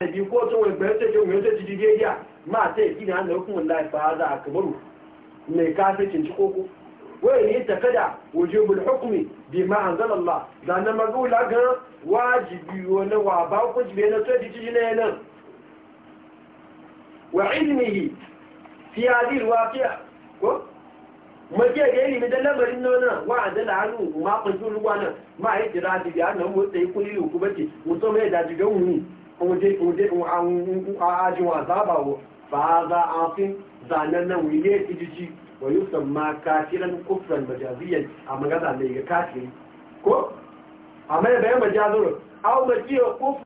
bi ko to wai bayar ta jin wata jige ya ma ta yi ina da hukumin lafiya za a kamaru mai kafin ci koko wai ne ta kada wujubul hukumi bi ma anzal Allah da na magula ga wajibi wani wa ba ku jibe na to ji jine nan wa ilmihi fi hadhihi alwaqi'a ko majiya da ilimi da lamarin nona wa a dala hannu ma kwanci ruwa nan ma yi jira da biya nan motsa yi kuli hukubace musamman ya dajigan wuni ajin ajiwa wa ba za a fi zanen nan wile ijiji wa yi ma kafiran kufran majaziyan a magaza mai ga kafiri ko a mai bayan majazuru au majiya kufran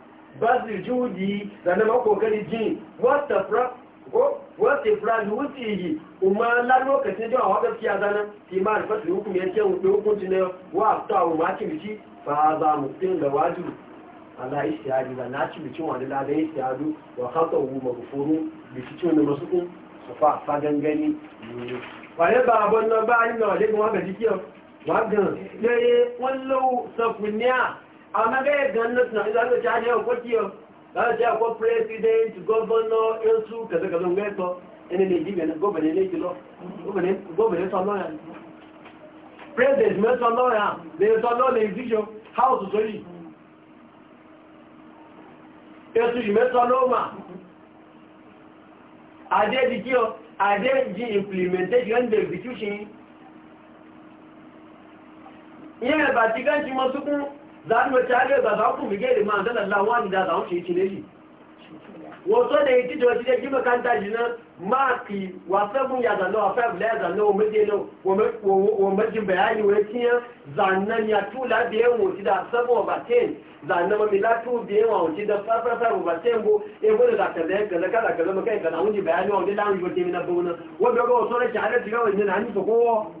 bazir juji da na makokari ji wata fra ko wata fra wuce yi umma la lokacin da wa gaskiya zana fi ma alfatu hukum ya ce hukunci ne wa ta wa ma ci bici fa za mu tin da waju ala istiyadi da na ci bicin wani ladan istiyadu wa khatawu maghfuru bici ci wani masu su fa fa gangani wa ba bon na ba ni na le mu ga dikiyo wa gan ne wallau safuniya amma ga ya na za ka caje wa kwakiyo za ka caje ko president governor yansu ka zaka zan ga to ina ne jibe na gobane ne kilo gobane gobane to Allah ya president me to Allah ya be to Allah ne vision how to sorry yansu me to Allah ma ade di kio ade di implementation and execution yẹn bàtí káńtì mọ́ sókún zaɗi wacce haka ba za ku mige da ma'azan Allah ne da za wuce ci ne shi wato da yi titi wacce jirgin makanta ji na maki ya zanna wa fayar ya zanna wa mace na wa majin bayani wa yakin zannan ya tula da yan wuce da sabon wa batin zannan ma mila tu da yan wuce da farfarfar wa batin e gudu da kaza ya kaza kaza kaza makai kaza wuce wa wani lamun yi wata mina bauna wanda ga wasu rashin adalci ga wani na hannun su kowa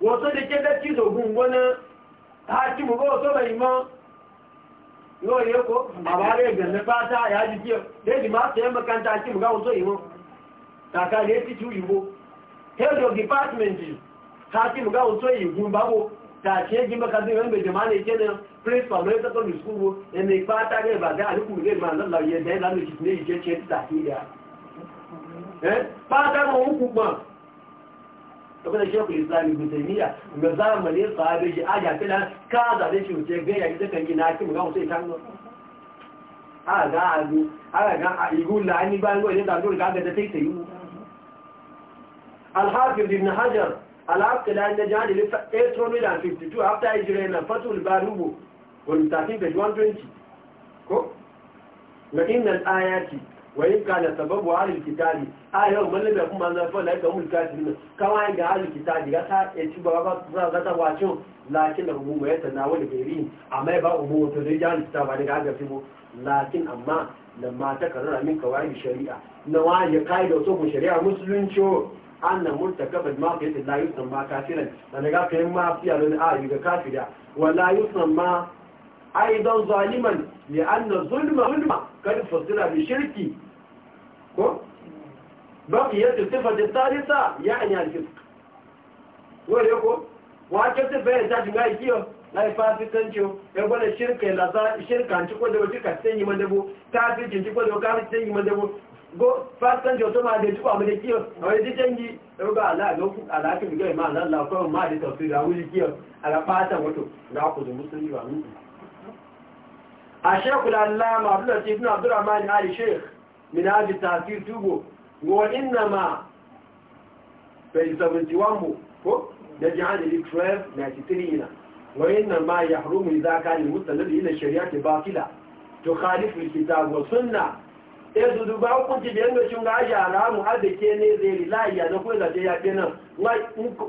wasu da ke dace da gungunan hakimu ba wasu mai ma yau ne ko a bare ganin fata ya ji kiyar daji ma sayan makanta hakimu ga wasu imo kaka ti ciwo yiwu head of department hakimu ga wasu yiwu babo ta ce ji kamar da shekul islami butaniya ga zamani sahabe shi aja ka zaɓe shi wuce gaya ita kan gina hakimu ga wuce ta a ga azu a ga zaɓe da yi alhafiz ibn hajar alhafiz na jihadi 852 after hijira na fatul barubu wani 120 ko ga innan ayati wayin ka da sababu halin kitabi a yau mun labe kuma zan fa ya mun kafirin kama ga halin kitabi ga ta e ci baba za ga ta wacin lakin abu mai ta na wani gari amma ba umu to dai jan ta ba daga ga fibo lakin amma lamma ta karara min kawai shari'a na wa ya kai da to shari'a musulunci annan murtakabal ma kai la yusamma kafiran da daga kai ma fiya don a yi ga kafira wala yusamma aidan zaliman li anna zulma zulma kad fasila bi shirki ko بقيت الصفة الثالثة يعني الفسق وليكو وعجبت بين تاج ما يكيو لا يفاسقنشو يقول الشركة لا الشركة تقول لو شركة تسيني من دبو كافر تقول لو كافر تسيني من دبو go fasikan joto ma da tuba mai kiyo a wani canji yau ga ala ga ku ala ma nan la ko ma da tafsir da wuri kiyo ala fata wato na ku da musulmi ba mu a shekul allama abdul latif ibn abdurrahman ali sheikh min haji tasir tubo wa inna ma bai sabunci wambo ko da jihadi 12 93 ina wa inna ma ya harumu yanzu duba hukunci da yanzu gaji alamu har da ne zai rilayiya na kuwa zaje ya ke nan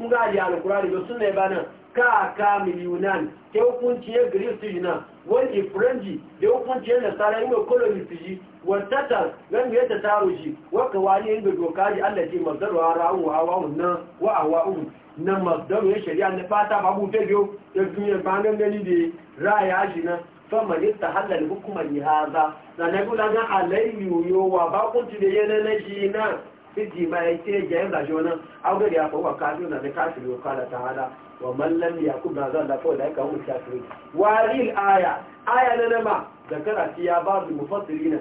ga ji alkurari da suna ba nan ka ka miliyunan da hukunciyar greece su na wani furanji da hukunciyar nasara yin koloni su yi wantatar gan ya ta taro shi waka wani yin doka ne allah ce mazdaru a ra'un hawa nan wa hawa un na mazdaru ya shari'a na fata babu ta biyo ya duniya bangan gani da ra'aya shi na fama ne ta halal hukumar yi haza na na gula na yo wa bakunci da yana na shi na fiji ma ya ce jayin gashi wani aure da ya fawa kafin na da kafin yau kala ta hada wa mallam ya kuma zan da kawai da aka hun shafirin waril aya aya na nama da karati ya ba su mufassiri na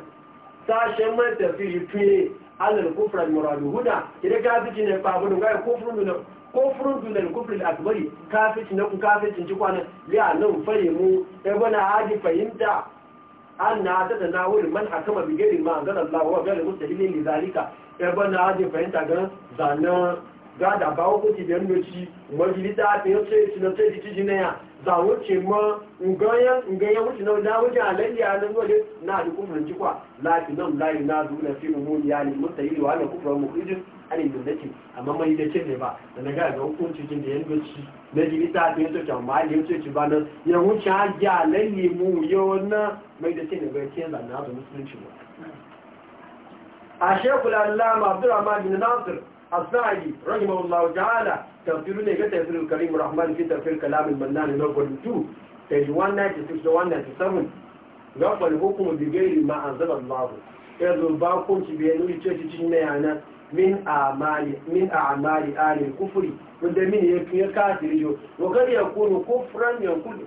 sashen man tafiri tuye alal kufran muradu huda idan ka fi ne babu ga kufrun duna kufrun duna kufrun akbari kafici na ku kaficin ci kwanan ya nan fare mu ya eh, bana haji fahimta an na ta da nawul man a bi bigirin ma anzala Allah wa gari mustahilin li zalika ya eh, bana haji fahimta ga zanan gada ba wọ́n ti bẹ̀rẹ̀ lọ́tí mọ́jìlítà àti ọ̀tọ́ ìsinà tó ti tíjì náà zàwọ́ ti mọ́ ǹganyẹ wọ́n ti náà dáwọ́ jẹ́ àlẹ́yà lọ́wọ́dé náà ní kúfùrù jíkwà láti náà láì náà dúnà fi mú ya wa mọ́ta yìí mu lọ kúfùrù da ìdí amma ìdọ̀lẹ́kì àmọ́ mọ́ ilé ba da na àgbà ga kún tuntun da yẹn lọ́tí mọ́jìlítà àti ọ̀tọ́ ìjà máa lè tó ti bá náà yẹn wọ́n ti á jẹ́ àlẹ́yìn mú yọ náà mọ́ ba tẹ́ lẹ́bà tí ẹ̀ lànà àbọ̀ mùsùlùmí ṣùgbọ́n. àṣẹ́kùlà ńlá Abdulrahman bin nasir asali rahimahullahu ta'ala tafsiru ne ga tafsirul karim rahman fi tafsir kalam al-mannan number 2 page 196 to 197 ga kwal hukumu bi ma anzala Allah ya zo ba kun ci bi yanu ce cikin mayana min amali min a'mali ahli kufri wanda min ya kafiri yo wa ghairi yakunu kufran yakunu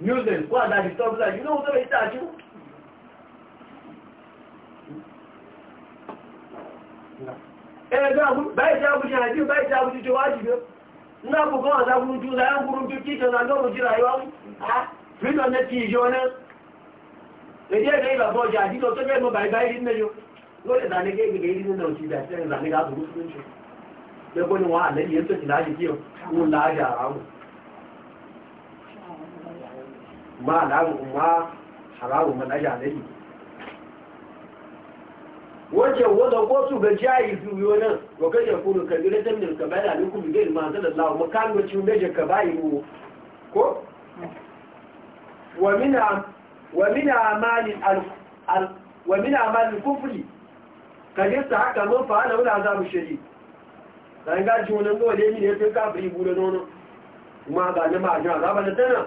nuisance wà láti tọ́bí láti ní oúnjẹ́ ìtàjú ẹgbẹ́ báyìí tí a bú ṣe àti báyìí tí a bú ṣe wá jù ní àpùkọ́ àtàkùn jù láyé ń gúrú jù kíkẹ́ na lọ́rùn jù ráyọ́ fílọ̀ ní ti ìjọ náà èdè ẹ̀dẹ́ ìlàbọ̀ ọjà àdídọ̀ tó fẹ́ mọ́ báyìí báyìí mẹ́jọ lórí ìdánilẹ́ ìgbẹ̀gẹ̀ ìdí nínú òjì ìdásẹ́ ìdánilẹ́ àbúrú fún ìṣẹ́ lẹ́gbọ́n ni wọ́n àlẹ́ yẹn tó ti láàyè kí ọ̀ ń láàyè àrà wọn ma alamu ma haramu malaja da yi wajen wadda ko su ga jayi zuwiyo nan wa kashe kuru kabirin da mil ka da alikun bigayar masu da lawa makamacin meje ka bayi wo ko wa mina amalin wa mina amalin kufri kajista haka mun fa'ala wani azabu shari'a ɗan gaji wani dole ne ya fi kafin ibu da nono kuma ga na ma'ajin azaba na tana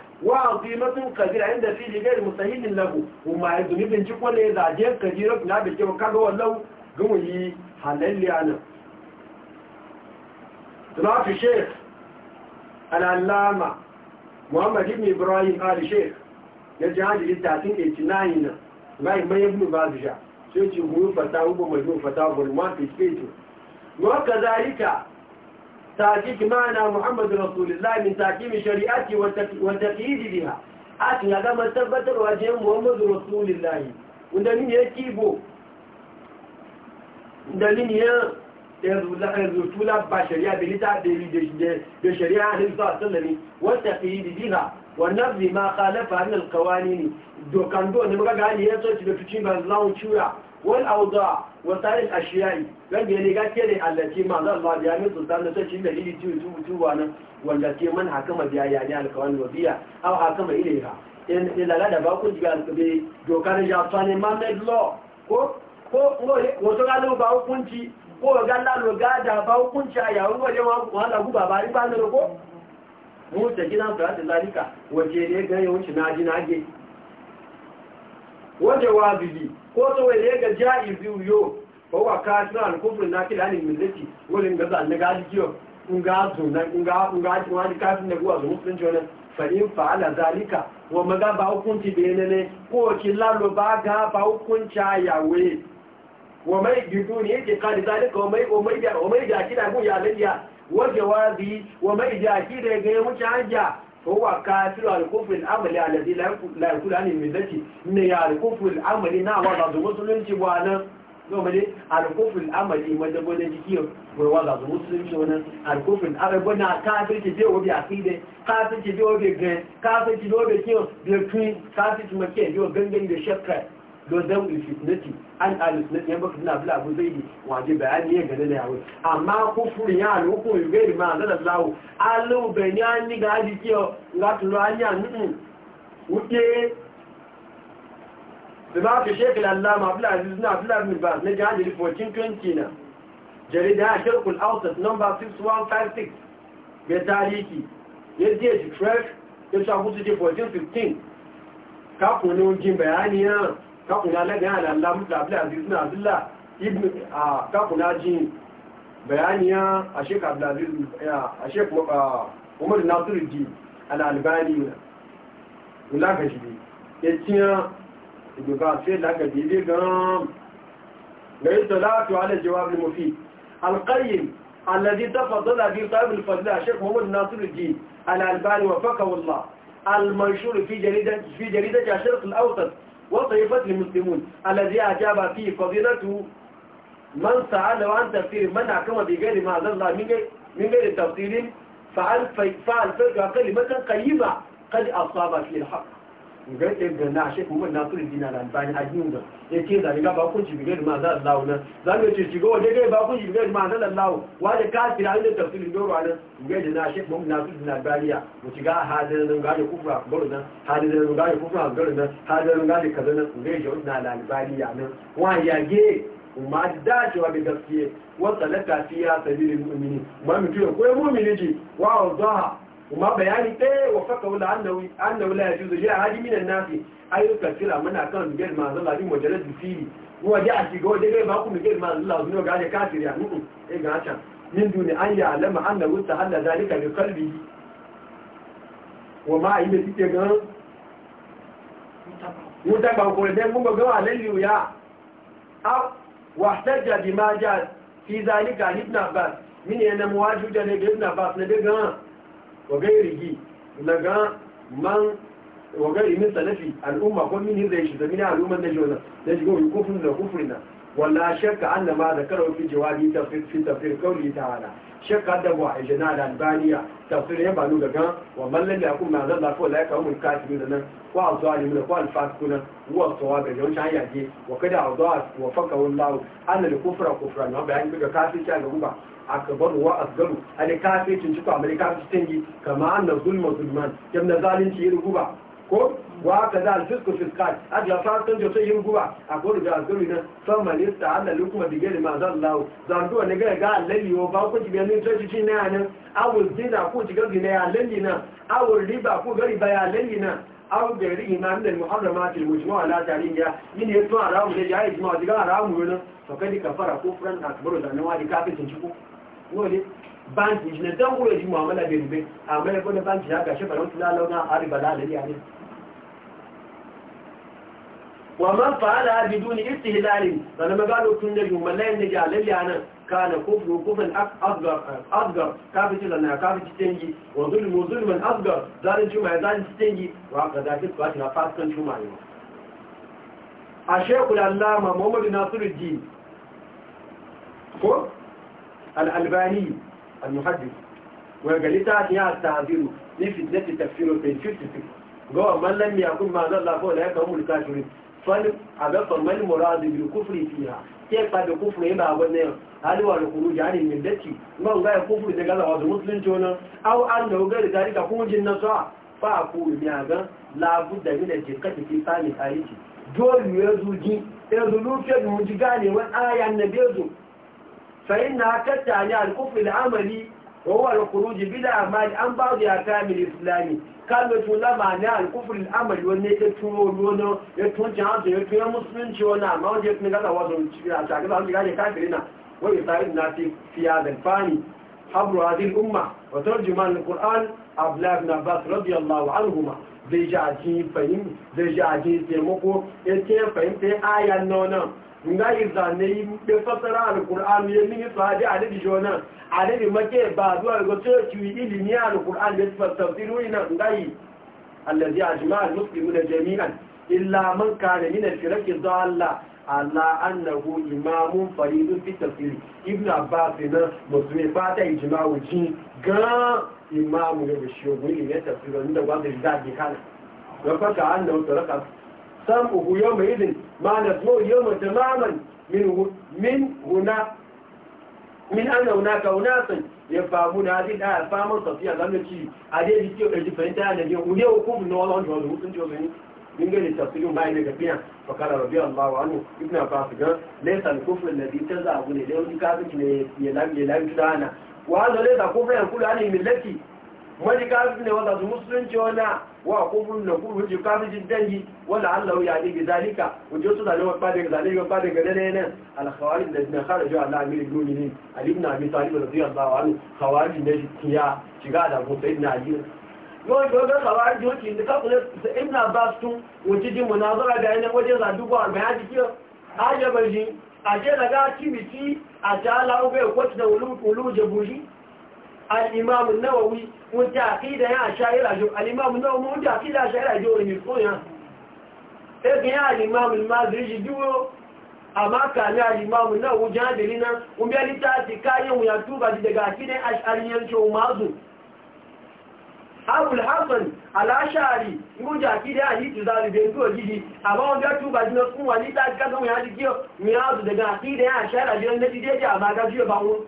وعظيمة كبيرة عند فيه غير مستهين له وما يدني بنجيك ولا يزعجين كثيرة في نابل كيف كان هو له قموا لي حلال لي أنا تنعف الشيخ العلامة محمد ابن إبراهيم قال الشيخ يرجع عندي للتعسين اتنائنا غير ما يبني بازجا سيتي هو فتاة ومجموع فتاة ولما في سبيته وكذلك تحقيق معنى محمد رسول الله من تحكيم شريعته والتقييد بها أتنا كما ثبت وجه محمد رسول الله ودلين يكيبو ودلين يرسول بشريعة بلتا بشريعة عليه الصلاة والسلام والتقييد بها والنبذ ما خالفها من القوانين دو كان دو نمرا قال يسوي تبتشين بالله وشورا والأوضاع وسائل الأشياء وجهني كثير التي ما ذا الله بها من سلطان نسجي من إلي تيو تيو تيو وانا والتي من حكم بها يعني على القوان وفيها أو حكم إليها إن إلا لا كنت جيال كبير جو كان جاطان ما مد لو كو كو wato ga lo ba hukunci ko كو la lo ga da ba hukunci a yawon waje wa da guba ba ba كو ko mu ta gidan da zalika waje ne ga yawanci naji naje wajibi ko to wai ga jaizi yo ko wa ka tsara kufrin na kila ne millati wurin ga zan ga jiyo in ga zo nan in ga in ga wani kafin da ruwa zo musulunci wannan fa in fa'ala zalika wa maga ba hukunci da yana ne ko ki lalo ba ga ba hukunci yawe wa mai gidu ne yake kali zalika wa mai umai da umai da kida gu ya lafiya wa jawabi wa mai da kida ga ya mutu hajja فهو كافر على كفر العمل الذي لا يقول عن المذاتي إن يا الكفر العمل نا وضع مسلم تبوانا يومني الكفر العمل ما دبو نجيكي ووضع مسلم شونا الكفر العمل نا كافر وبي عقيدة كافر وبي بغن كافر وبي بكيو بكين كافر تمكين بيو غنغن بشكر don zan yi fitnati an alisunati yan baka suna bula abu zai yi waje bayani ya gane na yawo amma kufurin ya alhukun yi gairi ma zanen lawo alau bai ni an ni ga haji kiyo ga tulo an yi annu'un wuke da ba fi shekul allama abula aziz na abula abin ba na jihajiri 1420 na jarida ya shirkul ausat number 6156 mai tarihi ya je shi ya shafi su je 1415 kafin ne wajen bayani yana kakuna na gana Allah mutu abu aziz na abdullah ibn a kakuna ji bayaniya a shek abdulaziz a shek umar nasiru ji al'albani na wulaka shi ya ciya ibi ba sai laka bebe gan ga yi salatu ala jawabin mafi alƙayyar الذي تفضل به صاحب الفضل الشيخ محمد ناصر الدين الألباني وفقه الله المنشور في جريدة في جريدة الشرق الأوسط وطيبة المسلمون الذي أجاب فيه فضيلته من سأل عن تفسير من أحكم بغير ما أنزل الله من غير تفسير فعل فعل فعل كلمة قيمة قد أصاب فيه الحق gare da na shi kuma na turi dina da bani a da ya ce da riga ba kun jibi ma za Allah na za mu ce shiga waje gare ba kun jibi ma za Allah wa da kafira inda tafsirin doro anan da na shi kuma na turi dina bariya mu shiga hadin nan gare kufra garo nan hadin nan gare kufra garo nan hadin nan gare kaza nan gare shi na da bariya nan wa ya ge ma da cewa da gaskiye wata laka fiya sabilin mu'mini ma mutum ko mu'mini ji wa zaha kuma bayani ɗaya wa faka wula annabu la ya juzo ya haji minan nafi ayyuka sila muna kan miguel mazala ni wajen rasu fili kuma ya a shiga wajen gai baku miguel mazala su ne ga ne kafir ya nukun ya eh, ga can min duni an yi alama annabu ta halla zalika da kalbi wa ma yi da suke gan wuta ba ko da mun ga gawa lalliyu ya a wahtajja bima ja fi zalika ibn abbas min yana muwaju da ne ibn abbas ne daga wa gairihi daga man wa gairi salafi al'umma ko min zai shi zamina al'umman na jona da shiga wani kufrin da kufrin na wala shakka an da ma da karo fi jawabi ta fi tafiyar kauli ta'ala shekar da wa a jina da albaniya tafsirin ya banu daga wa mallan da kuma na zalla ko laika mun kafi da nan ko ne azalimin ko alfasikuna wa sawaba da shan yaje wa kada zuwa wa faka wallahu an da kufra kufra na bayan daga kafi ta ga guba akbaru wa asgaru ani kafin tun ci ko amerika su yi kama an zulma zulman yamna zalunci ya guba ko wa ka da alfisku fiskal a da fatan da sai yin guba a ko da azuri na san malista Allah lu kuma digere ma zan lawo zan duwa ne ga ga alali wo ba ku diga ne to cikin na nan awul zina ku diga gine ya alali na awul riba ku gari ba ya alali na awul da ri iman da muharramat al mujma ala tarin ya yin ya to aramu da ya ijma diga aramu ne to kai kafara kufran akbaru da nawa di kafin ciku ne banki ne dan gure ji mu'amala bai rube amma ya ko da banki ya ga balan tulalo na ari balala ne ومن فعلها بدون استهلال فلما قالوا كن نجم من لا ينجع لليانا كان كفر كفر أصغر أصغر كافر لنا كافر تنجي وظلم وظلم أصغر دار شمع دار تنجي وعقد ذلك فاتنا فاتكا شمع الشيخ العلامة محمد ناصر الدين الألباني المحدث وقال لتاتي التعذير في فتنة التكفير في الفتنة قال من لم يكن مع الله فهو لا يكون الكافرين فمن مراد بالكفر فيها كيف قد كفر يبقى ونيا هل هو الخروج عن الملة ما هو غير كفر إذا قال هذا مسلم جونا أو أنه غير ذلك كون جنة فأقول مياغا لا بد من الدقة في فهم حالتي دول يزوجي يزولوك المجيغاني والآية النبي يزول فإنها تتعني الكفر العملي وهو الخروج بلا أعمال عن بعض أحكام الإسلام kalo jula ma ne al kufr al amal wani ya tuwo lono ya tun jihadu ya tuwo musulunci wani amma wani ya tun gaza wazo a shaka za su gane kafirina wani sa'id na fi fiya da fani habru hadin umma wa tarjuma al qur'an abdullah ibn abbas radiyallahu anhuma zai ji a ji fahim zai ji a ji taimako ya e ce fahimta ya aya nonon nga izane yi be fasara alquran ya mini sahabi a nabi jona a nabi make ba zuwa ga yi ilimi ni alquran be tafsiru ina nga yi allazi ajma almuslimu da jami'an illa man kana min alfirqi dalla ala annahu imamun faridun fi tafsir ibn abbas na musulmi ta ijma wuji ga imamu ne shi ne tafsirin da wanda zai kana ga fata annahu tarakat سمعه يومئذ ما نسمعه يوم تماما من من هنا من أن هناك أناسا يفهمون هذه الآية فهما صفيا لم يكي هذه الجيء التي فهمتها نبيه وليه وقوم نوالا جوزه سنجوزه من غير التفصيل ما يلقى فيها فقال رضي الله عنه ابن عباس قال ليس الكفر الذي تزعبني ليه كافك يلام يلام كدانا وهذا ليس كفر يقول عنه من التي wani kafin ne wanda su musulunci wana wa kofin da kuma hujji kafin jin dangi wanda allah ya ne ga zalika wanda wasu zane wa fadin zane wa fadin ga dane nan alkhawari da na kare jiwa na amiri duni ne alim na amiri talibin da zuwa zawa wani khawari ne ya shiga da musa ibna aliyu yau da wajen khawari da wuce da kafin da ibna abbas tun wuce jin munazara da yanayin wajen zadubu a mai haji kiyo ajabar jin a ce daga cibiti a ta laube kwatu da wulu jebuji al'imamu nawawi wọ́n jẹ́ àkídà yá àṣáyíra jọ al'imamu nawawi wọ́n jẹ́ àkídà àṣáyíra jọ orin fún yán ẹgbẹ̀ yá al'imamu maziriji dúró àmáka ní al'imamu nawawi jẹ́ àdìrí náà wọ́n bí ẹni tààtì káyẹ̀ wọ́n yà túbà ti daga àkídà àṣáyíyànjọ umaru abul hassan aláṣàárì wọ́n jẹ́ àkídà àyíkù zalibẹ̀ tó gidi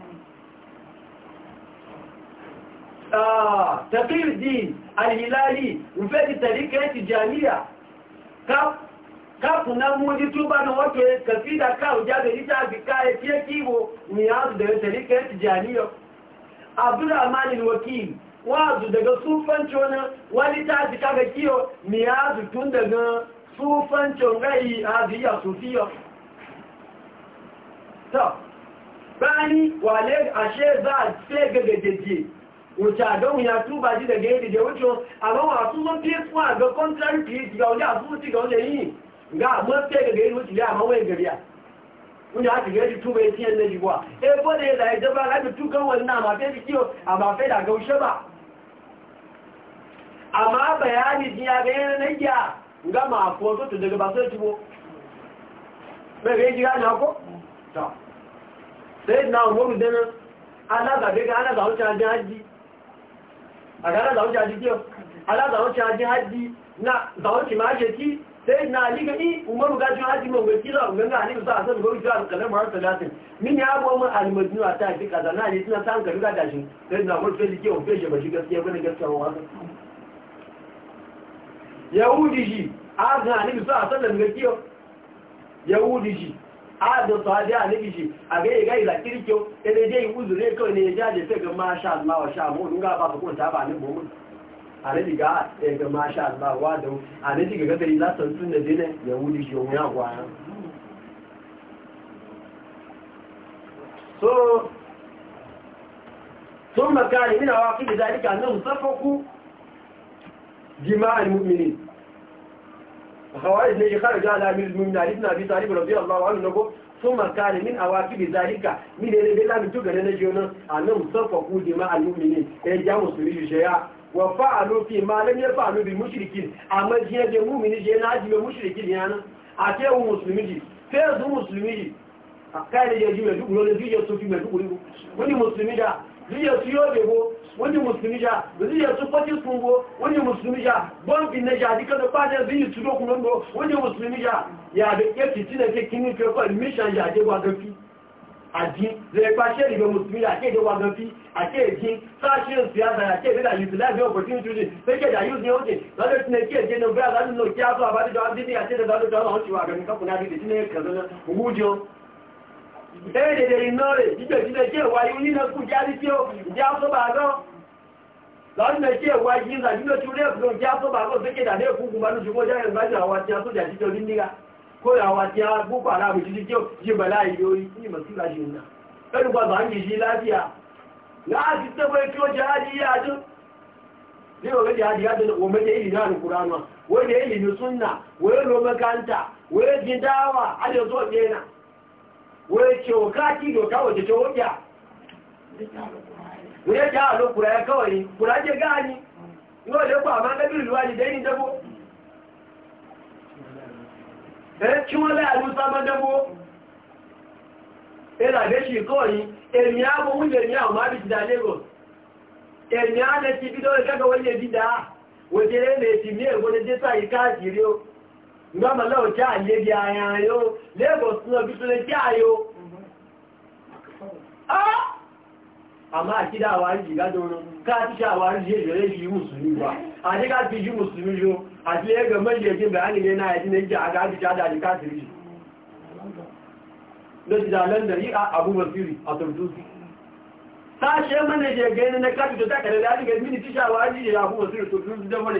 تقير الدين الهلالي وفادي طريقة تجانية كاف كاف نموذي توبا نوكي كفيدا كاو جاد ريتا بكاية تيكيبو مياز ده طريقة تجانية عبد الرحمن الوكيل wazu daga sufanci wani wani ta ji kaga kiyo miyazu tun daga sufanci rai a ziyar sufiyo ta bani wale ashe za a wuce a gan ya tuba ji daga yadda da wuce amma wasu sun fi suna ga contrary ga wani asu ci ga wani yi ga amma sai ma yadda wuce amma wani a shiga yadda tuba ya ci yadda ji kuwa eh ya jaba ga na mafi a ya na iya ga mafi wasu ta àgádá zàwọn ṣe àjíjẹ́ aláàzàwọn na zàwọn ṣe sai na liga ni umaru gajin hajji mai mai kila ga ga ni za a san gobe jira kalan mu har talatin min ya abu mun a ta ji kaza na ne suna san ga riga shi sai na mun fiji ke on fiji ba shi gaskiya bane gaskiya wa yahudi shi a ga ni za a san ga kiyo yahudi shi adon to hadi a nabi shi a ga ya ila kirkiyo ya ne dai uzure kawai ne ya jaje sai ga masha Allah wa sha mu ga ba ku ta ba ne mu a nabi ga ga masha Allah wa da a nabi ga gari za san tun da dine ya wuri shi mu ya gwa so ثم كان من عواقب ذلك أنهم سفكوا دماء خوارج نجي خرج على امير المؤمنين علي بن ابي طالب رضي الله عنه نقول ثم كان من عواقب ذلك من اللي لم من تجر نجيون انهم صفقوا دماء المؤمنين يجاوا سوري شيئا وفعلوا في ما لم يفعلوا بالمشركين اما جيه المؤمنين جيه ناجي المشركين يعني اتيوا مسلمين فيه مسلمين káyẹ̀ yẹ ju ẹ̀dùkù lọ́lẹ̀ bí yẹ tó fi mẹ̀dùkù ríru wọ́n ni mùsùlùmí dá bí yẹ tó yóò lè wo wọ́n ni mùsùlùmí dá bí yẹ tó pọ́tí fún wo wọ́n ni mùsùlùmí dá bọ́ǹbì nẹjà àdíkọ́dọ̀ pàdé bí yìí túnlọ́kùn lọ́gbọ́ wọ́n ni mùsùlùmí dá yàdé kẹ́tì tí lẹ́kẹ́ kí ní kẹ́kọ́ ìmíṣàn yàdé wa gan fi àjí lẹ́ẹ̀pá ṣẹ́lì bẹ mùsùlùmí àkéèdè wa gan fi àkéèdè sáṣẹ́ òsì àbàyà àkéèdè dà yìí láìpẹ́ opportunity pékèdè àyíò ní oúnjẹ lọ́dọ̀ tí lẹ́kẹ́ èdè ní ọgbẹ́ àbájúlọ kí á tó àbájújọ àbídí àti ẹ̀dẹ̀ lọ́dọ̀ àwọn ọ̀ṣìwà àgbẹ̀mí kọ́kùnrin àbídì tí lẹ́ẹ̀kẹ́ lọ́dọ̀ owó jọ ẹ̀rẹ̀dẹ̀ iná rẹ̀ jíjẹ̀jíjẹ̀ jẹ́ ìwáyé onínàkú járí tí ó jẹ́ àtọ́bàgọ́ lọ́nà tí ẹ̀wà jíńsà jíjọ tí ó rẹ̀ fún jẹ́ àtọ́bàgọ́ sókè dàdé ẹ̀kùnkùn bá ní ṣùgbọ́n jẹ́ ìgbájú àwọn àti àtọ́jà jíjọ ní níra kó àwọn àti agbópa aláàbò jíjí tí ó jẹ́ bẹ̀lá ìlú orí ní ìmọ̀sí ìlàjì òun pẹ̀lú gbogbo ndị yìí láàbíà láti wai cewa kati doka waje ce wajen wai ja alo kura ya kawai kura je gani yau da kwa ma ɗabin ruwa ne daini dabo ɗan ciwon eh, la'adu saman dabo ɗan abe shi kawai èmì àwọn oúnjẹ ní àwọn máa bí ti dá lérò èmì á lẹ́ ti bí lọ́rẹ̀ kẹ́kọ̀ọ́ wọ́n yẹ bí dáa wòjẹ́rẹ́ lè ti ní èwọ́n lè gbọ́mọ̀ lọ́wọ́ jẹ́ àlébi ara yóò lẹ́gbọ̀n sí ọbí tó lè jẹ́ àyó àmá àkídà àwárí ìgbádọ́rùn káàkiri àwárí ìjẹ́jẹ̀rẹ́ yìí mùsùlùmí wa àdíká ti yí mùsùlùmí yóò àti ẹgbẹ̀ mẹ́lẹ̀ ẹgbẹ̀ bẹ̀rẹ̀ náà ẹ̀dínlẹ̀ jẹ́ àgájíjá dájú káàkiri lọ́sídà lọ́ndà yí àbúbọ̀sírì àtọ̀rọ̀dúsí sáà ṣe mẹ́lẹ̀ ẹgbẹ̀ ní káàkiri tó tákẹ̀lẹ̀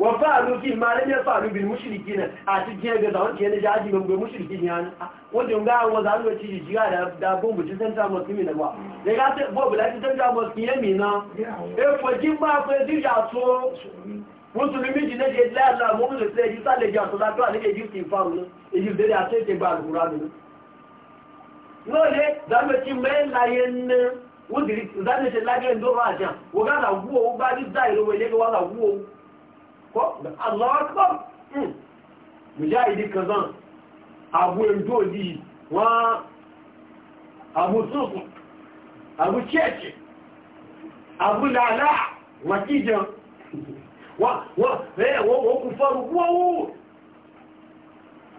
wa fa'alu fi ma lam yaf'alu bil mushrikeena a ti je ga zawon ke ne jaji ban ga mushriki ne an wanda ga an waza an ci jiga da da bon bu san ta muslimi ne ba da ga ta bo bula san ta muslimi na e fo jin ba fo di ja to musulmi ji ne je la la mo da to ale ji ti fa mu e ji de a te te ba alquran da me ti me la da ne se do ba ja wo ga la wo ba di dai lo we le ga ko Allah akbar mujahidi kazan abu ndoji wa abu sufu abu cheche abu lala wakija wa wa eh wa kufaru wao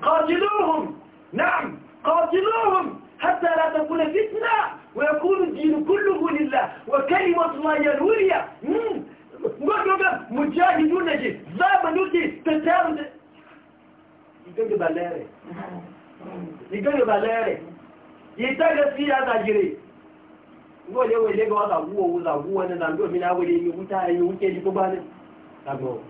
قاتلوهم نعم قاتلوهم حتى لا تكون فتنة ويكون الدين كله لله وكلمة الله هي العليا goto ga mujahidu na je zamanu ke ta taru da igaga ba lere igaga ba lere ita gaskiya za gire gole wele ga wata guwa wuza guwa na zando mina wele yi wuta yi wuke ji ko ba ne zago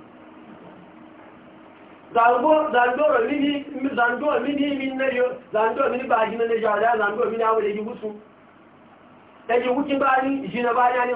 zango zandoro mini zando mini min na yo zando mini ba ji na ne jada zando mina wele ji wusu ta ji wukin ba ni ji na ba ya ne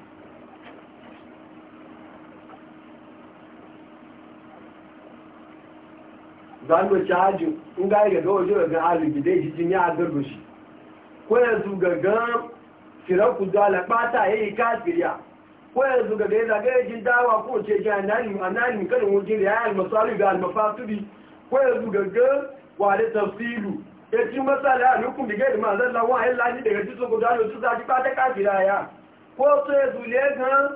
zanu caji in ga ga ga wajen ga alibi dai shi jin ya gardo shi ko yanzu ga ga firaku dala bata yayi kafiriya ko yanzu ga ga ga jin dawa ko ce ga anani anani kan wajen ya al masalih ga al mafasidi ko yanzu ga ga wale tafsilu yaji masala ne kun diga da manzon Allah wa illa ni daga jiso ko dalo su zaji bata kafiriya ko sai zule ga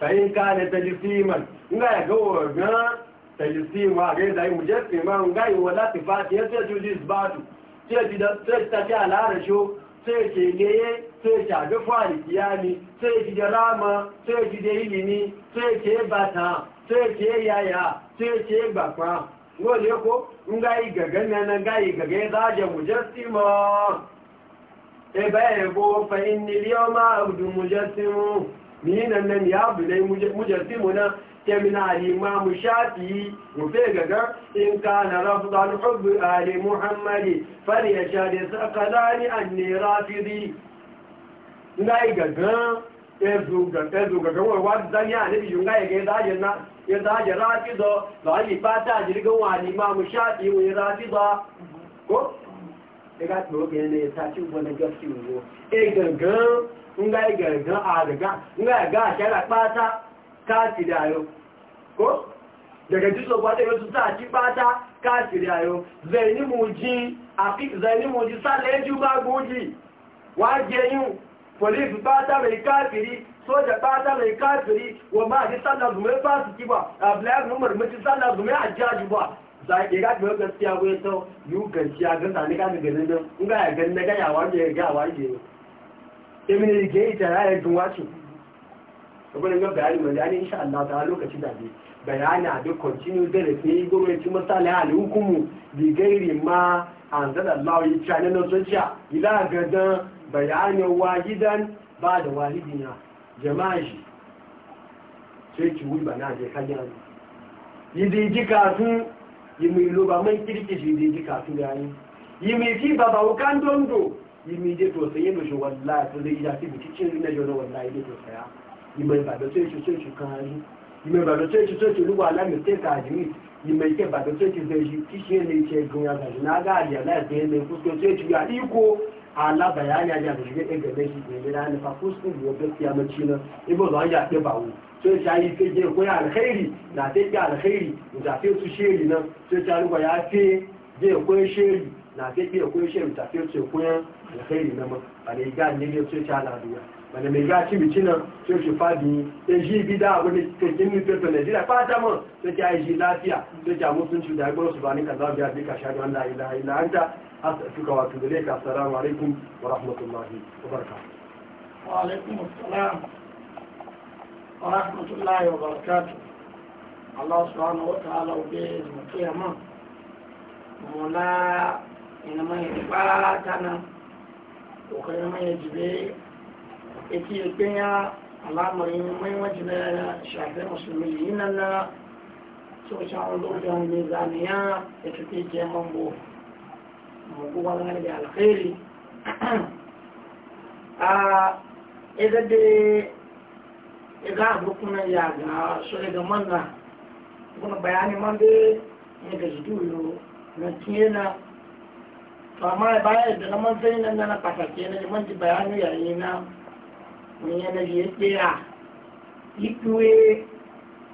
فإن كان تجسيما لا يقول تجسيم وغير ذي مجسم غير ولا صفات يتجوز بعده تجتكي على عرشه تجليه تجعج فالكياني تجد راما تجد إلمي تجد باتا تجد يايا تجد بقرا wani ko ngayi gaga nan ngayi gaga ya zaje mujassima e bayan bo fa inni liyoma abdu mujassimu minan nan ya bulai na kemina alimamu mu rufe gagar in ka na da hudu ali muhammadi fari ya sha da an ne na yi gagan ezu gagan warwa zan yi anabi yunga ya gai na ya zajen rafizo da wani fata jirgin wa alimamu shafi'i wani rafizo ko? ya ga tsoro ga yanayi ta cin wani gafi yiwu e nga yi gargan a riga nga yi ga a shara ɓata kasi da yau ko daga jiso kwata yau su sa ci ɓata kasi da yau zai ni muji a fi zai ni muji sale ju ba goji waje yin polis ɓata mai kafiri soja ɓata mai kafiri wa ma ji sallar zume ba su ki ba a blair numar mace sallar zume a jaji ba za a ƙera ga gaskiya ko ya tau yi gaskiya ga sani ka ga ganin nan in ga ya ganin na ga yawa ne ya ga yawa ne ibn al ita ya yi duwacin abin ga bayani mai dani insha Allah ta lokaci da bi bayani a duk continue da rufe gwamnati misali hal hukumu bi gairi ma an zada Allah yi chana na sojiya ila gadan bayani wahidan ba da wahidina jama'a sai ki wuyi bana je kan yana yi da ji kasu yi mai loba mai kirkishi da ji kasu yayi yi mai fi baba wukan dondo yìí dé tó sẹ́yìn lóṣù wàlá tó lè yíra síbi títí rí lẹ́jọ́ náà wàlá ilé tó sẹ́yà ìmọ̀ ìbàdàn tó èṣù tó èṣù kan rí ìmọ̀ ìbàdàn tó èṣù tó èṣù olúwa alámìtẹ́ka àdìrí ìmọ̀ ìkẹ́ ìbàdàn tó èṣù bẹ́ẹ̀ yìí ẹni ìṣe gan àgbàjù náà gáàlì aláìsẹ̀ ẹni kúṣọ tó ṣe ẹgbẹ̀rẹ̀ ṣì gbẹ̀rẹ̀ láàánú fàkúṣù yóò tí náà ibò ṣe ayé fẹ́ jẹ́ ìkóyà ṣe èrì náà ṣe jẹ́ ìkóyà ṣe èrì na ke ke ko shi ta ke ce ko alkhairi na ba ne ga ne ne ce ta la duwa ba ne ga ci bici na ce shi fadi e ji bida abu ne ke kin ni pepe ne dira fata mo ce ta ji lafiya ce ta mutunci da goro su ba ne kaza biya bi ka shahadu an la ilaha illa anta astaghfiruka wa atubu ilayka assalamu alaikum wa rahmatullahi wa barakatuh wa alaikum assalam wa rahmatullahi wa barakatuh Allah subhanahu wa ta'ala obe mu ìnàmọ́ ìdí pátá náà òkèrè mọ́ ìjìbẹ́ ètí ìpínyà alámọ̀rin mọ́ ìjìbẹ́ ṣàfẹ́ mùsùlùmí yìí nánà tó ṣàwọn olóòjọ́ ní zaniya ètò tí jẹ́ mọ́ngbò mọ̀gbó wọn náà di alkhairi ẹgbẹ́ ah, dé ya ga yàgà sọ́lẹ̀ gọ́mọ́nà gbọ́nà bayani man dé ẹgbẹ́ jùdú yóò na tiye na amma baya da naman sai nan na patake na man ti bayanu ya ina mun ya na je tsaya ituwe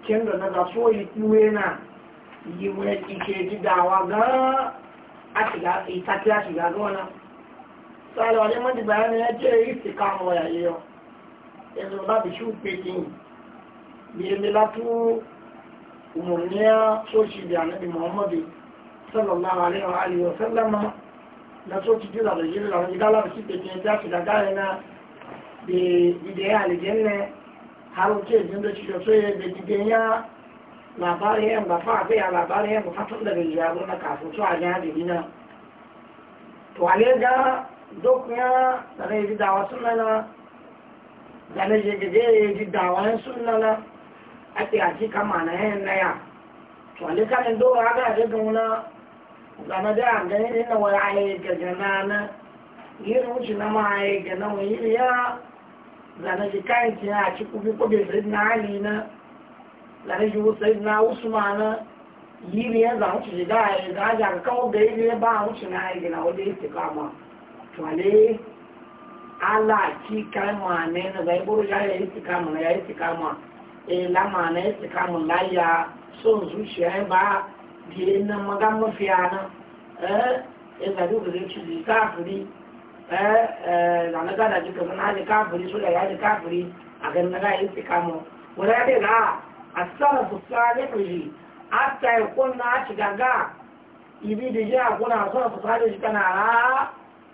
kin da na so ituwe na yi mu ya kike ji dawa ga a shiga ita ta shiga ga wannan sai wale man ti bayanu ya je istikam wa ya yo yanzu ba bi shu pekin bi mi latu umurniya so shi bi annabi muhammadu sallallahu alaihi wa alihi wa sallama da soci da da jiri da wani gala da suke ke ta shiga na da ideya ya har wuce jin da soye da gidan ya labarin yan ba fa ya labarin yan ba daga yaro na kafin a jihar da gina to ale ga ya da na yi dawa suna na da na je ya suna na ake a ji kama na yan na ya to ale kanin doa ga zama da an gani ne na wani ayi ga gana na yin wuce na ma ayi ga na wani ya zana shi kayan ki na ci kubi kubi sai na hali na zana shi wuce na usma na yiri ya zama wuce shi da ayi da aja kawo da yiri ya ba wuce na ayi gina wani ya kama tuwale ala ki kayan ne na zai buru ya yi kama na ya yi kama eh lama na ya yi kama laya son zuciya ba jirin nan magan mafiya nan ya zaɓi ku zai ciki kafiri da na gada jika sun haji kafiri su da ya ji kafiri a ganin na gaya yi kamo wadda ya ga a tsara fuska ne kuji a ta yi kunna a ci gaga ibi da ji a kuna a tsara fuska da shi kana a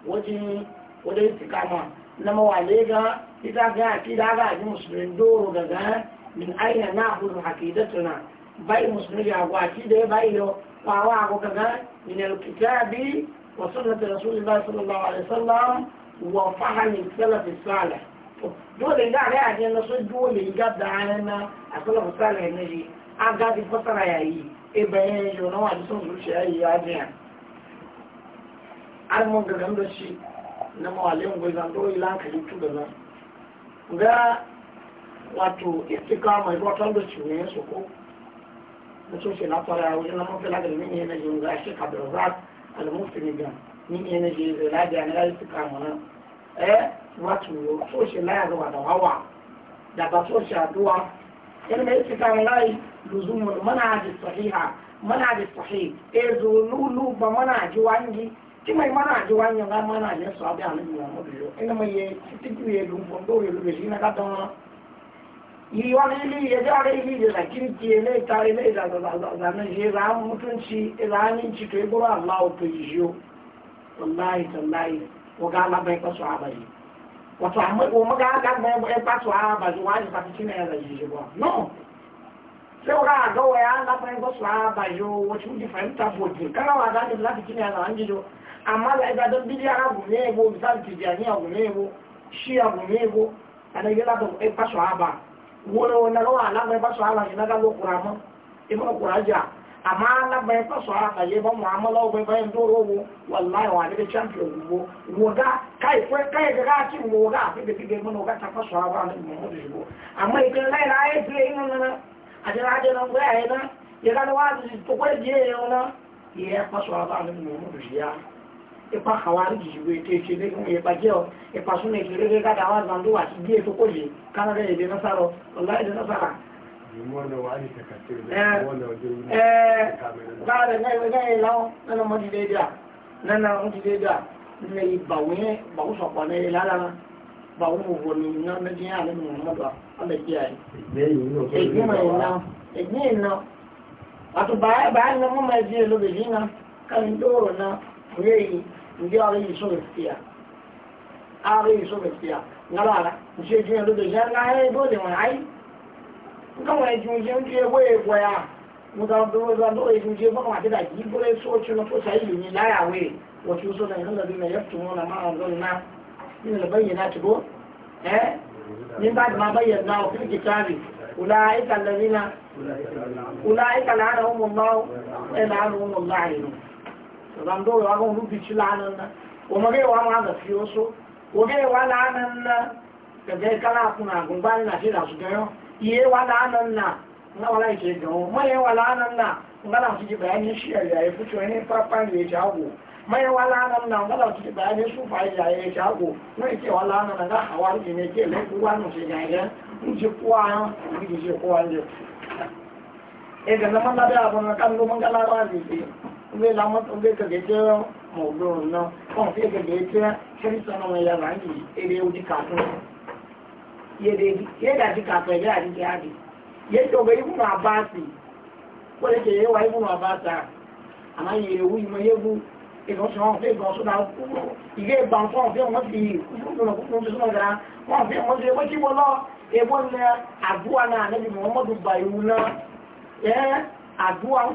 wajen wadda yi kamo na mawale ga ita ga ki da ga ji musulun doro daga min aina na hudu hakidatuna bai musulmi agwati da ya bai yau fawa a kuka ga minal kitabi wa sunnati rasulullah sallallahu alaihi wasallam wa fahimi salaf salih dole ga ga ajin na so dole ga da na a salaf salih ne ji aga di fasara yayi e bayan yo na wa sun zuciya yayi ajin an mun ga gamba shi na mawalin gwazan dole lan kalitu da nan ga wato istiqama ko tango ciwo su ko mutum na fara wajen na mafila da min yana jin za shi kabir za almuslim gan min yana ji da lafiya na yi suka mana eh wato yo so shi la ya da hawa da ba so shi addu'a in mai suka mana yi luzumul manhajis sahiha manhajis sahih eh zo lulu ba manhaji wangi tí mo ìmọ̀ náà jẹ́wọ́ yẹn lọ́mọ náà yẹn sọ abẹ́ àlejò àwọn ọmọbìnrin ẹ̀ ẹ́ ní mo yẹ títí yẹ lu fún tó yẹ lu bẹ̀rẹ̀ sí wani ya ja da ili da zakin ke ne ta yi ne da zanen shi ran mutunci ranin ci to yi gura Allah to yi shi wallahi tallahi ko ga Allah bai kasu a bari wato amma ko maga ga bai bai kasu a bari wani ba ta cinye da shi ba no sai ga ga waya Allah bai kasu a bari wato ji fahimta ko ji kana wa da Allah ta cinye da wani jo amma da da don bidiya gume ego misali tijaniya gume ego shiya gume ego ana yi la da bai kasu a bari wọ́n wọn lọ́wọ́ alábẹ́ bá sọ ara yìí lágá ló kura mọ́ ibà kura jà àmọ́ alábẹ́ bá sọ ara yìí bá mọ̀ amọ́lọ́wọ́ bẹ́ẹ̀ bẹ́ẹ̀ ń dúró wo wàláyé wà níbi champion wo wògá káyì fún káyì gẹ́gẹ́ àti wògá àti bèbèbè mọ́ wògá tapá sọ ara ní mọ̀mọ́ dè wo àmọ́ ìpín láyé láyé tilé inú nana àdìrà àdìrà náà gbé àyè náà yẹ ipa àwárí ìṣòro ètò ìṣèlú ìpàjẹ́ ọ ìpàṣúnà ìṣòro rẹ̀ káàkiri àwọn àgbàndó àti bí èso kò lè kánádà èdè násàrọ̀ ọ̀lá èdè násàrà Ẹgbẹ́ ìná, àtùbà ẹ̀bà ẹ̀nà mọ́mọ̀ ẹ̀dí ẹ̀lọ́bẹ̀ yìí náà, kàrí tó rọ̀ náà, orí èyí, ndio ari iso mefia ari iso mefia ngalala nje je ndo de janga he bo de wan ai nka wa ju je nje we gwa ya mo do do do e ju bo ma de ji bo le so chu no to sai ni la ya we wa chu so da ngala de na yaftu mo na ma ngol na ni le bayyana ti bo eh min ba ma bayyana o fi kitabi أولئك الذين أولئك لعنهم الله لعنهم zandowe wa gon rubici lanan na o mage wa ma da fiyo so o ge wa lanan na ka ga kala kuna gumba na shi da su ga yo iye wa lanan na na wala ke ga o mai wa lanan na ngala su ji bayani shi ya ya fucho ne papan ne jago mai wa lanan na ngala su ji bayani su fa ya ya jago mai ke wa lanan na hawa ne ke le kuwa no shi ga ya mu ji kuwa mu ji kuwa ne e ga na manda da abun kan mun kala ba ne ube lama ube kagetea maudu na kwa pia kagetea shari sana na ya rangi ebe uji kato yede yede ati kato ebe ati ati yede obe ibu na abasi kwa leke yewa ibu na abasa ama yere uyi mo yebu ebe ọsọ wọn fẹ́ gan sódà ilé ìgbà fún ọ̀fẹ́ wọn fi ìfúnnà kúkú tó súnmọ́ gara wọn fẹ́ wọn ṣe wọ́n kí wọ́n lọ ebo ní àdúrà náà níbi muhammadu bayu náà ẹ́ àdúrà ń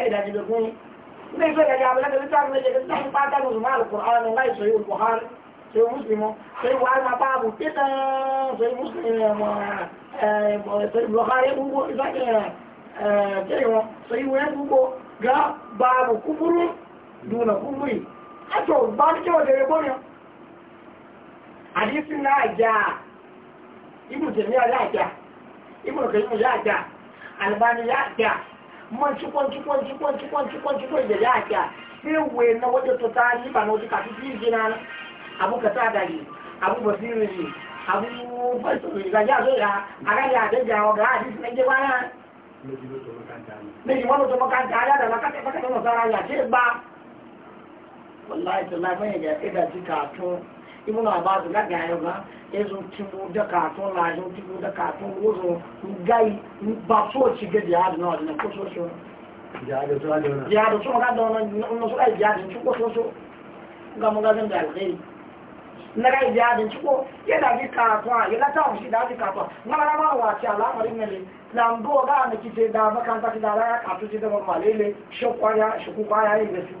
ẹ̀ẹ́dàjì bẹ̀ fún ilé ìfẹ́ gẹ̀gẹ̀ abẹ́lẹ́gẹ̀ lítà méje lítà ń pátá mùsùlùmí alùkùránì láì sọ yóò buhari sọ yóò buhari máa báàbù títà sọ yóò mùsùlùmí ẹ̀mọ̀ ẹ̀mọ̀ buhari gbogbo ìfẹ́ ẹ̀ẹ́dẹ́yìn wọn sọ ní ya man chupon chupon chupon chupon chupon chupon da ya kya sai we na waje to ta yi ba na waje ka ci jina na abu ka ta dali abu basiri ne abu basiri ga ya zo ya aga ya da ya ga hadisi ne ba na ne ji wani to makanta ya da makanta makanta no sara ya ce na da ibùnà àbáàdù lága ẹ̀rọ ẹ̀zùn tìbú dẹ́kàtún láàrin tìbú dẹ́kàtún wúrò ngáyì bá sóòtì gẹ́gẹ́ àdùn náà ọ̀dùn kó sóso jihadu tó ọ̀gá dọ̀nà nọ́sọ́lá ìjihadu tí kò sóso gbàmúgbàdùn dàgbẹ́yì nara ìjihadu tí kò yẹ dàbí kàtún à yẹ látà òun sí dàbí kàtún mọ́nàlá máa wà sí kan? mẹ́lẹ̀ làǹdó ọ̀gá àmì kìtì dàbọ̀ kàńtà ti dàbọ̀ kàtún ti dàbọ̀ màlẹ́lẹ̀ ṣokú kwaya ìgbẹ̀sùn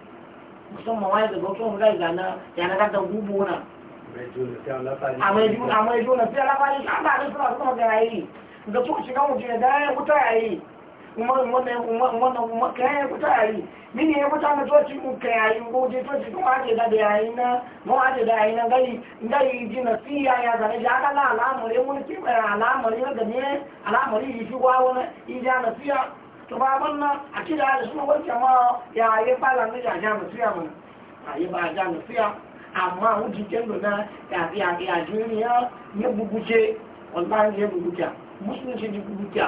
musamman wani daga wasu mu zai gana ya na kanta na a mai juna fiye lafari an ba ne suna suna gara yi da su shiga mutu ya ya kuta eh, eh, ya yi ya kuta ya yi mini ya kuta na toci mu ka ya yi goje toci kuma ake da ya na mu ake da ya na gari gari ji na siya ya zane ya kala alamari mulki alamari ya gane alamari yi fi wawo na ija na to ba wannan a ci ya yi fala na ya jami suya mana a yi ba jami suya amma wujin kendo na ya ya duniya ya buguce wallahi ya buguce musulunci ji buguce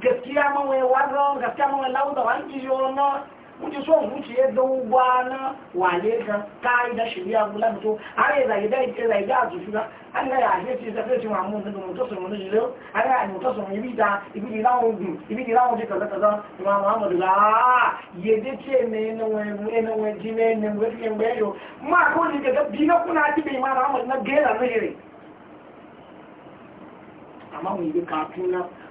gaskiya mawai warron gaskiya mawai lauda wanki yono wuce so wuce ya dauwa na wale ka kai da shirya bula mutu har ya zai da ita zai da su shiga an ga ya ne ce zafe ce mamun da mutu sun mun jiro har ya mutu sun yi da ibi da rawo du ibi da rawo ka zaka za imam muhammad la ye de ce ne ne wai mu ne wai ji ne ne mu ke mai yo ma ko ni ga bi na kuna ti bi imam muhammad na gera na jire amma mu yi ka tuna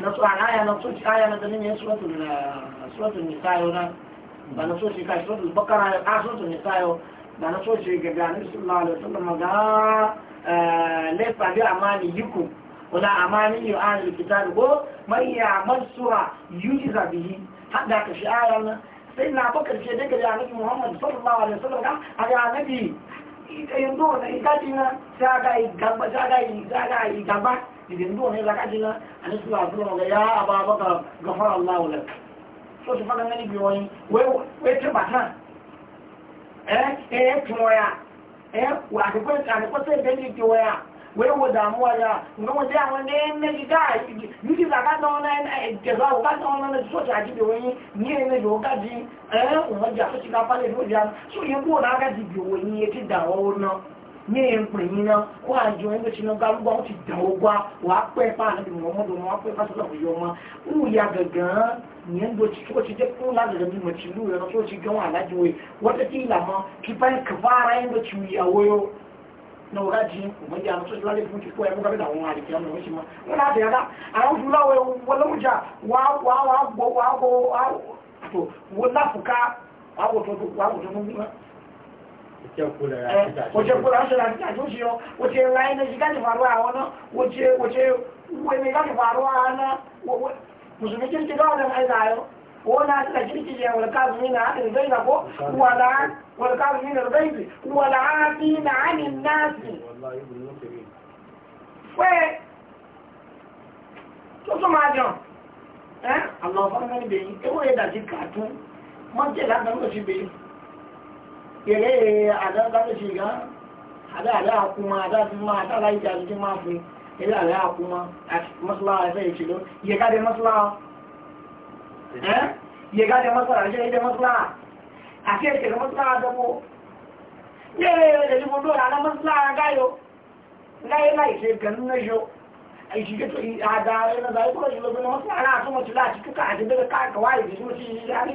nasu an aya na soci aya na ganin yin suratun eh, nisayo na ba na soci kai suratun bakara a suratun nisayo ba na soci ga ganin sallallahu alaihi wasallam ga eh, laifa bi amani yiku wala amani yu an alkitabi go man ya'mal sura yujiza bihi hada ka shi aya na sai na bakar ce daga da annabi Muhammad sallallahu alaihi wasallam ga aga annabi yanzu na itaci na sai aga gaba sai aga gaba idan duwa ne zaka jina a nasu a zuwa ya aba baka gafar Allah wala so su fada ngani bi wani wai wai ta bata eh eh tuwaya eh wa ta ko ta ko sai da ni tuwaya wai wa damuwa ya ngama da wa ne ne ji da ni ji zaka da wani eh da za ka da wani so ta ji bi wani ni ne ne ga ji eh umma ja so ti ga pale do ja so ye ko na ga ji bi wani ye ti da wa wona ní ẹ̀pìn yìí náà kó àjọ ẹgbẹ́ tí náà galúgbà ó ti dà ó wàá pẹ́ fún àlejò mọ́mọ́dé wọn wàá pẹ́ fún àtúntò àwòyọ ọmọ wù ya gàngàn yẹn ló ti tó ti dé fún lágbègbè bí mo ti lù yẹn tó ti gán àlájò wẹ̀ wọ́n ti ti ìlànà kí báyìí kẹfà ara yẹn ló ti ìyàwó yó na wọ́n rájì ọmọ ìyá àwọn tó ti lálẹ́ fún ti kó ẹ̀ mọ́gàbí àwọn àdìgí ọmọ ìwé ṣìmọ́ wọn láti yàrá àwọn fúnra wọn lọ́mọjà wàá wàá wàá gbọ́ wàá gbọ́ wọ́n láfùká wàá wọ̀ tó wàá wọ̀ tó wòtsekura asọ̀rọ̀ eh, àti àti oṣù yọ wòtse ńlá yẹn lẹ́sìn káàdì faruwa àwọn náà wòtse wòtse wẹ̀mí káàdì faruwa náà mùsùlùmí kiri ti dọ́wọ́ lẹ́nu àyíká yọ wọ́n náà ti lẹ́kiri ti yẹ wọ̀lẹ̀ káàdì mí náà àtẹ̀lẹ́ bẹ́ẹ̀ nàkó wọ̀lẹ̀ wọ̀lẹ̀ káàdì mí náà bẹ́ẹ̀ bì wọ̀lẹ̀ àti náà ní náàsì. wẹ́ẹ̀ tó tó máa jọ ẹ́ eh? àwọn afọ́nrán bẹ̀yìn ewúrẹ́ dàjí kàtún mọ́tẹ́lá kèrè àdáńdáńdé ṣìgá àdáàdá àkúmá àdáàdúmá àtàlá ìjà àdújú máa fi ilé àrẹ àkúmá mọ́sílá ẹ̀fẹ́ ìṣèlú yẹ̀gáde mọ́sílá yẹ̀gáde mọ́sílá àṣẹ ìdẹ mọ́sílá àṣẹ ìṣèlú mọ́sílá àdọ́gbó yẹ̀rẹ̀ ẹ̀lẹ́dìbò lóra àdá mọ́sílá gáyò gáyò láìṣe gẹ̀ẹ́nú mẹ́ṣọ́ ìṣìṣẹ́ tó àdá ẹ̀lẹ́dà ìkọ́ ìṣèlú mọ́sílá àtúmọ̀tí láti túkà àti bẹ́ẹ̀ káàkiri wáyé ìṣ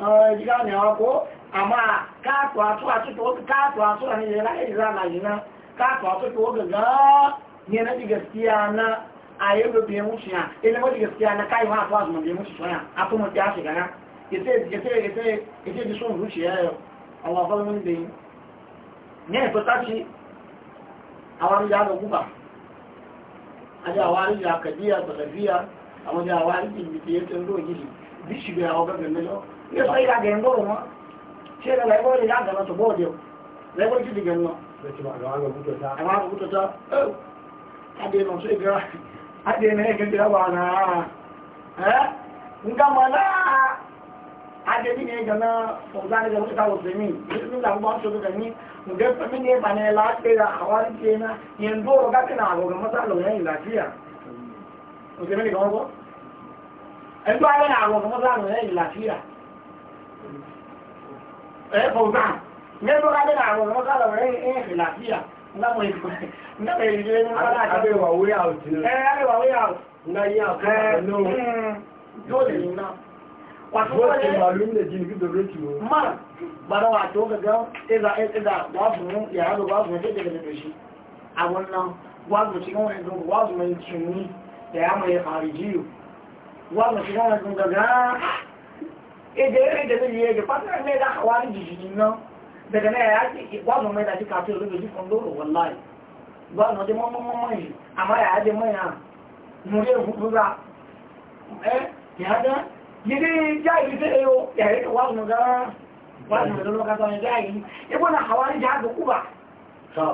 ìjìgáni ọkọ́ àmá káàtò na ní ìrìnlá ìrìnlá àlàyìnà káàtò àtúwà gẹ̀gẹ́ ní ẹ̀nà ti gaskiya na ayyébẹ̀bẹ̀ yẹn wuce ya ilẹ̀ wọ́n ti gaskiya na káyíwá àtúwà zùmọ̀ yẹn wuce sọ́yà àtúmọ̀ ti aṣe gana ìfẹ́ ti sóhun wuce ya yọ àwọn ọ̀fọ́ àkàdíyà tọ̀lẹ̀fíà àwọn arìnrìn ìgbìtì bí ṣùgbẹ́ àwọn mẹ́lọ́ yo soy la que engoro, Si era la ego de la que no supo, yo. La ego de que no. Ama ko to ta. Ade no se gra. Ade ne ke gra wa na. Eh? Nga mana ade ni ne ga na o ga ne ga ta wo se mi. Ni la ba so ga ni. Nge pe mi ne ba ne la te ga hawari ke na. Yen do ro ga ke na go ga ma sa lo ne la ti ya. O se me ni ga wo. En do ale na go ga ma sa lo ne la ti فوزان ne ba na na ma da way out na wato da ya da shi a wannan wazo cikin wani gungu wazo mai cinni da ya mai cikin wani èdèrèdè tó yẹ ẹ̀jẹ̀ pátá mẹ́ta àwárí jìjì nínú bẹ̀rẹ̀ náà yà sí ìwọ́nù mẹ́ta sí kàtó olóògbé fún lóòrò wọ́n láì ìwọ́nù ọdẹ mọ́mọ́mọ́ yìí àmọ́ yà á dé mọ́ yà mú lé òkú rúra ẹ yà dá yìí já ìlú tẹ́ ẹ o yà rí kà wọ́nù gáà wọ́nù mẹ́ta lọ́kàtà ọ̀nà já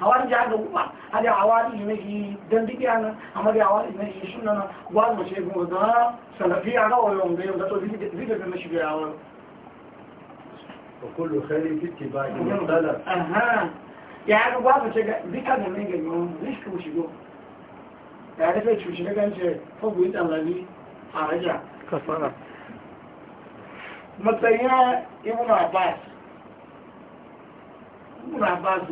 hawari ja ga kuma a da hawari ne shi dan dikiya nan amma da hawari ne shi sunna nan gwa mu ce mu da salafiya ga wayo ga yau da to zike da mishi ga yawo وكل خير في اتباع السلف اها يعني gwa mu ce ga dika da men ga yau risk mu shigo ya da kai shi ga ce ko bu dan labi a ah, raja kafara matsayin abbas ibn abbas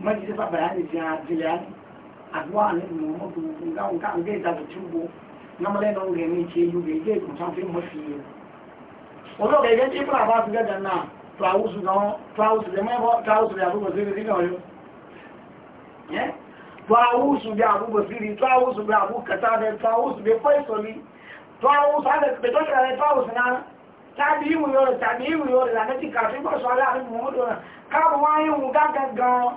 majalisa bayani jiya jiliya aduwa ne muhammadu nga nga nga da da tubo na male na nga ni ce yu ga ga kun san fi mafi ono ga ga ce ba ba su ga da na to awu su ga to awu su da mai ba to awu su da abu basiri diga wayo ye to awu su da abu basiri to awu su da abu kata da to awu su da faisali to awu su da be to da to awu su na tàbí ìwúyọ rẹ tàbí ìwúyọ rẹ lànà tí kàfí bọ́sọ̀ aláàrin mọ́mọ́dọ̀ náà káàbọ̀ wáyé wù gágagán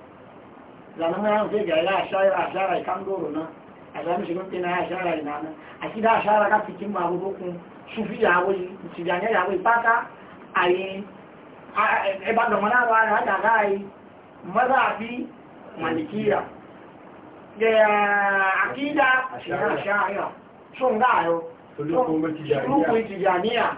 zamanin ranar zai ga ya ashara kan doro nan a zamanin shirin ɗina ya ashara ina nan a kida ashara ka cikin babu boko sufi ya wai tijaniya ya wai fata a yi ba da mana ba da hada ga yi mazafi malikiya da akida ashara sun ga yau sun tijaniya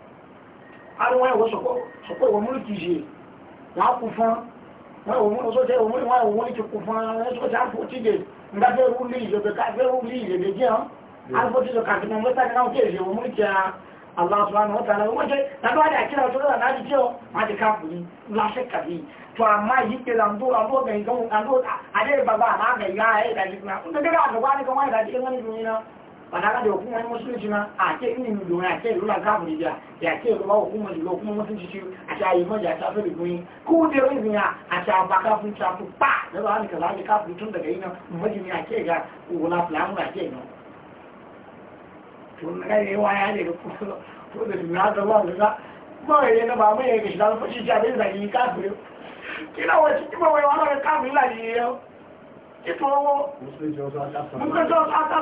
ari wọn ẹ̀wọ́ sọ̀pọ̀ ìwọ̀n múlù ti ṣe wọ́n á kú fún wọn sọ́jẹ́ ìwọ̀n wọn ìwọ̀n ti kú fún wọn sọ́jẹ́ àpò tí jẹ nígbà fẹ́ rú lé ìjọba ká fẹ́ rú lé ìjọba jẹ́ hàn àpò tí jọ kàfin náà mẹ́ta náà kéèjì ìwọ̀n múlù ti Allah subhanahu wa ta'ala wọ́n jẹ́ lábẹ́ àdá àkíra ọjọ́ náà láti jẹ́ ọ máa ti káàpù ní láṣẹ kàbí tó a máa yí pé làǹdó àbó ọ̀gẹ̀yìn kan wadaka da hukumar musulunci ma a ce ilimin domin a ce lula kafin da ya ce ruwa hukumar da hukumar musulunci ci a ce ayi maja ta fi rikuni ko da rizin ya a ce ba kafin ta fi ba da ba ni kaza da kafin tun daga ina majini a ce ga wula fulamu la ne ya ito musulunci wasu aka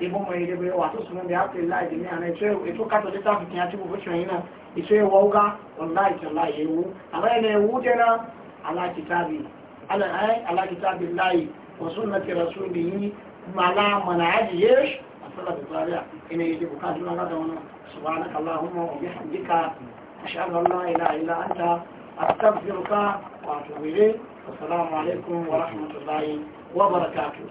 ibon mai dabe wato sunan da ya fi la jini a naice ito kato ta tafi ya ci bubu shi na ito ya wauga wallahi tallahi ya wu amma yana ya wuce na ala kitabi ala ai ala kitabi lahi wa sunnati rasulihi mala manaji yesh asala da tsariya ina yi ji bukatu na da wannan subhanaka allahumma wa bihamdika ashhadu an la ilaha illa